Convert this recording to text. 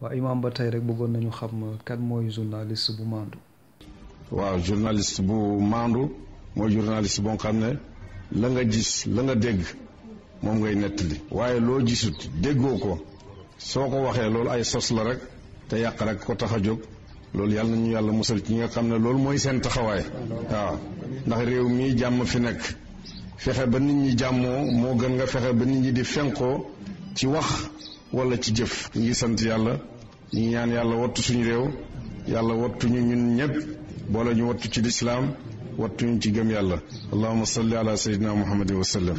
waa imaam ba tey rek bëggoon nañu xam euh, kan mooy journaliste bu maandu. waaw journaliste bu maandu mooy journaliste boo xam ne la nga gis la nga dégg moom ngay nettali. waaye loo gisut déggoo ko soo ko waxee loolu ay sos la rek te yàq rek ko tax a jóg loolu yàlla nañu yàlla musal ci ñi nga xam ne loolu mooy seen taxawaay. waaw ndax réew mii jàmm fi nekk. fexe ba nit ñi jàmmoo moo gën nga fexe ba nit ñi di fenqoo ci wax wala ci jëf ñu ngi sant yàlla ñu ngi ñaan yàlla wattu suñu réew yàlla wattuñu ñun ñëpp boole ñu wattu ci lislaam wattuñu ci gëm yàlla allahuma salli ala sayyidina muhammadin wa sallam